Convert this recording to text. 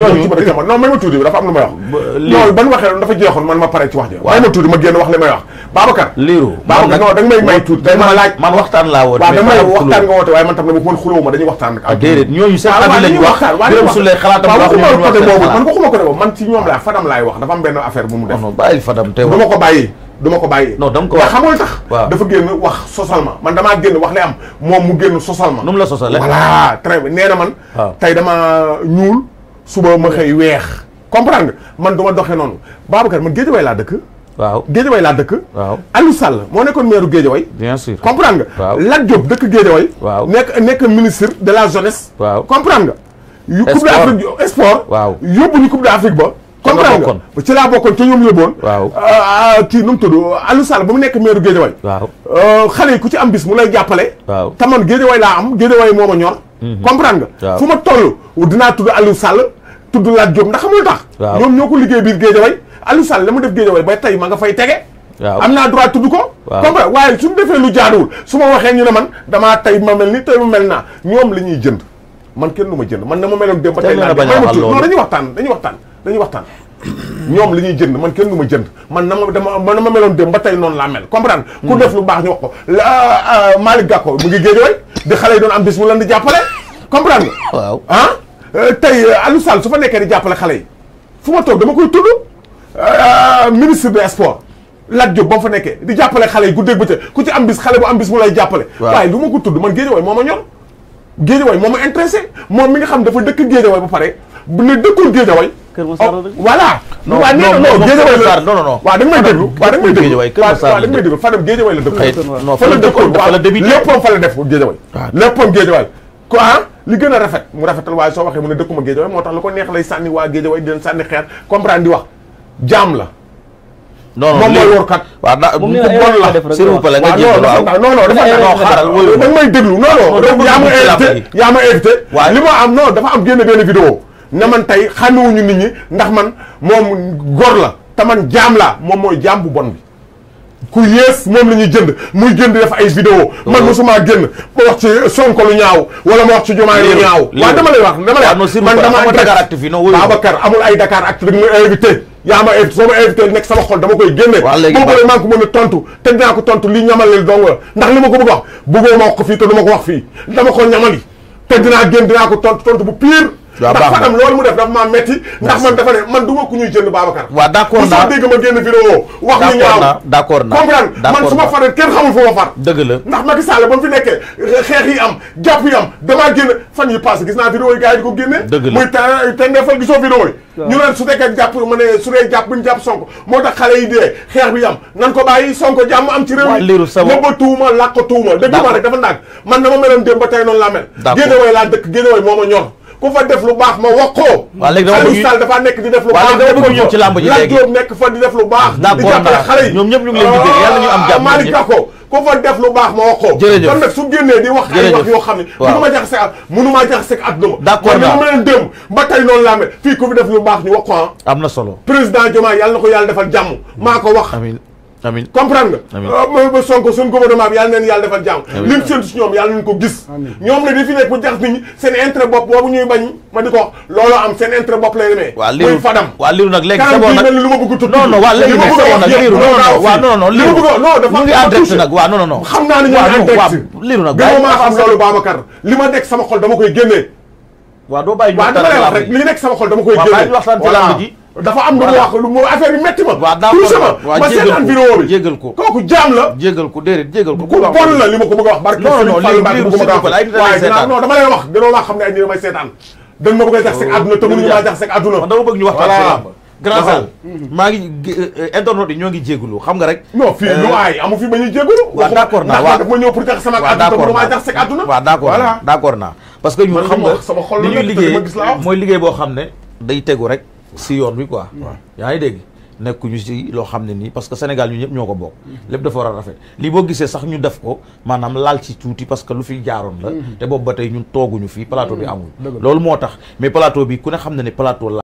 Mmh. non may ma tuuti dafa am lu may wax mmh, euh, loolu ban waxee dafa jeexoon man ma pare ci wax ji may ma tuuti ma génn wax li may wax Babacar liiru Babacar non da nga may may tuuti da ma laaj man waxtaan laa woote waaw da may waxtaan nga woote waaye man tam dama man xulóo ma dañuy waxtaan ak ah, déedéet ñooñu seen avis lañu wax Birame Souleye xalaatam wax waxuma côté boobu man waxuma côté boobu man ci ñoom laa Fadam laay wax dafa am benn affaire bu mu def oh, non bàyyi Fadam te du ma ko bàyyi du ma ko bàyyi non dama ko wax xam nga tax dafa génn wax sosal ma man damaa génn wax li am moom mu génn sosal ma nu mu la sosale voilà très bien nee na man ah. tey dama ñuul suba ma xëy weex comprendre man du ma doxee noonu Babacar man Géejawaay laa dëkk. waaw Géejawaay laa dëkk. waaw Aliou moo nekkoon maire Géejawaay. bien sûr comprendre nga. waaw Lat Diop dëkk nekk nekk ministre de la jeunesse. waaw comprendre nga. coupe d'Afrique sport. waaw yóbbu ñu coupe d'Afrique ba. comprendre nga ci laa bokkoon ci ñoom yóbboon. waaw ah, kii nu mu tudd Aliou Sall mu nekk maire Géejawaay. waaw euh, xale yi ku ci am bis mu lay jàppale. waaw te man laa am Géejawaay moo ma ñor. Mhm. comprendre nga. fu ma toll dinaa tudd Aliou Sall. tudd laaj Diop ndax xamul tax. waaw ñoom ñoo ko liggéey biir Géejawaay Aliou Sall la mu def Géejawaay ba tey ma nga fay tege. waaw am naa droit tudd ko. waaw comme waaye suñu defee lu jaaduwul su ma waxee ñu ne man damaa tey ma mel ni tey ma mel naa ñoom la ñuy jënd man kenn du ma jënd man na ma meloon démb. tey naa non dañuy waxtaan dañuy waxtaan dañuy waxtaan. ñoom li ñuy jënd man kenn du ma jënd man na ma dama man na ma meloon dem ba tey noonu laa mel comprendre ku def lu baax ñu wax ko ah, Malick Gakou mu ngi géej di xale yi doon am bis mu leen di jàppale comprendre nga waaw ah Euh, tey euh, Aliou Sall su fa nekkee di jàppale xale yi fu ma toog dama koy tudd euh, ministre des sports Lat Diop ba fa nekkee di jàppale xale yi guddeeg bëccëg ku ci am bis xale bu am bis mu lay jàppale. waaye lu ma ko tudd man Guédiawaye moo ma ñor. Guédiawaye moo ma intéressé moom mi nga xam dafa dëkk Guédiawaye ba pare ne dëkkul Guédiawaye. Kër Masar oh, la dëkk voilà. non non non Guédiawaye non non non. waaw may déglu waaw da nga may déglu fa la dëkkoon fa la débuté léppam fa la def ah. li gën a rafet mu rafetal waaye soo waxee mu ne dëkkuma Géejawaay moo tax lu ko neex lay sànni waa Géejawaay di leen sànni xeer comprendre di wax jaam la. non non moom mooy wóorkat. waaw daa moom la def rek waaw waaw non non dafa nekk xaaral wóorul moom da nga may déglu non non. déglu yaa ma invité yaa ma invité. waay am non dafa am na benn vidéo ne man tey xàmmewuñu ni ñi ndax man moom góor la te jaam la moom mooy jaam bu bon bi ku yées moom la ñuy jënd muy jënd def ay vidéo man mosuma génn ba wax ci Sonko lu ñaaw wala ma wax ci Diomaye lu ñaaw waaw dama lay wax dama lay wax man dama Dakar Actu fi non Babacar ay Dakar Actu rek mu invité yaa ma invité ma invité nekk dama koy génne boo ko maa tontu te dinaa ko tontu li ñamal leen dong la ndax li ma ko bëgg wax ma wax fii te du ko wax fii dama ko ñamal yi te dinaa génn dinaa ko tontu tontu bu pire waaw baax na loolu mu def dafa maa metti ndax d' accord naa dégg ma génn vidéo wax ñu ñaaw d' accord naa comprendre man su ma faree kenn ma far dëgg la ndax Macky Sall ba mu fi nekkee naa vidéo yi gars yi di ko génne dëgg fa gisoo vidéo yi ñu naan su jàpp ma ne jàpp bu moo tax xale yi dee xeex bi am nan ko bàyyi Sonko jàmm am ci réew mi nëbba na ma meloon démb ba tey laa dëkk génne moo ma ñor ku fa def lu baax ma wax ko. waaw léegi nekk di def lu baax. waaw léegi dama bëgg ci làmb ji léegi nekk fa di def lu baax. di jàppale xale yi ñoom ñëpp ñu ngi am jàmm Malick Gakou ku fa def lu wax ko. jërëjëf kon nag su génnee di xam ne. waaw mënu ma jaxase ak mënu ma ah. na solo président Diomaye yàlla na ko yàlla defal jàmm maa ko wax. amiin amiin comprendre nga ah, mooy ba Sonko suñu gouvernement bi yàlla neen yàlla defal jàmm lim seen si ñoom yàlla nañu ko gis ñoom nag di fi nekk bu jax nit ñi seen intérêt bopp boobu ñuy bañ ma di ko wax am seen intérêt bopp lay demee waaw liiru nag léegi sa bopp nag lu ma bëgg tudd non non waaw léegi nag sa bopp nag liiru waaw non non liiru non dafa mu ngi en direct nag waaw non non xam naa ne ñu ngi en direct liiru nag gëmoo maa xam loolu Babacar li ma nekk sama xol dama koy génnee waaw doo bàyyi waaw dama lay wax rek li nekk sama xol dama koy génnee waxtaan ci lamb dafa am na mu wax lu mu affaire yi métti ma. waaw daa ko kooku ko ko. a wax. barke a maa jaxase àdduna. dama bëgg euh, euh, ñoo ngi jégalu xam nga rek. non fii lu euh, aay amu fi ba ñuy jégalu. waaw d'accord naa waaw ndax ma ñëw pour jaxase sama àdduna te mënu maa jaxase àdduna. waaw parce que ñun xam nga li ñuy liggéey mooy liggéey boo xam ne day tegu rek si yoon bi quoi yaa ngi dégg nekkuñu si loo xam ne nii parce que Sénégal ñu ñëpp ñoo ko bokk lépp dafa war a rafet lii boo gisee sax ñu def ko maanaam laal ci tuuti parce que lu fi jaaroon la mm-hmm. te boobu ba tey ñu ñun tooguñu fii plateau bi mm-hmm. amul loolu moo tax mais plateau bi ku ne xam ne ne plateau la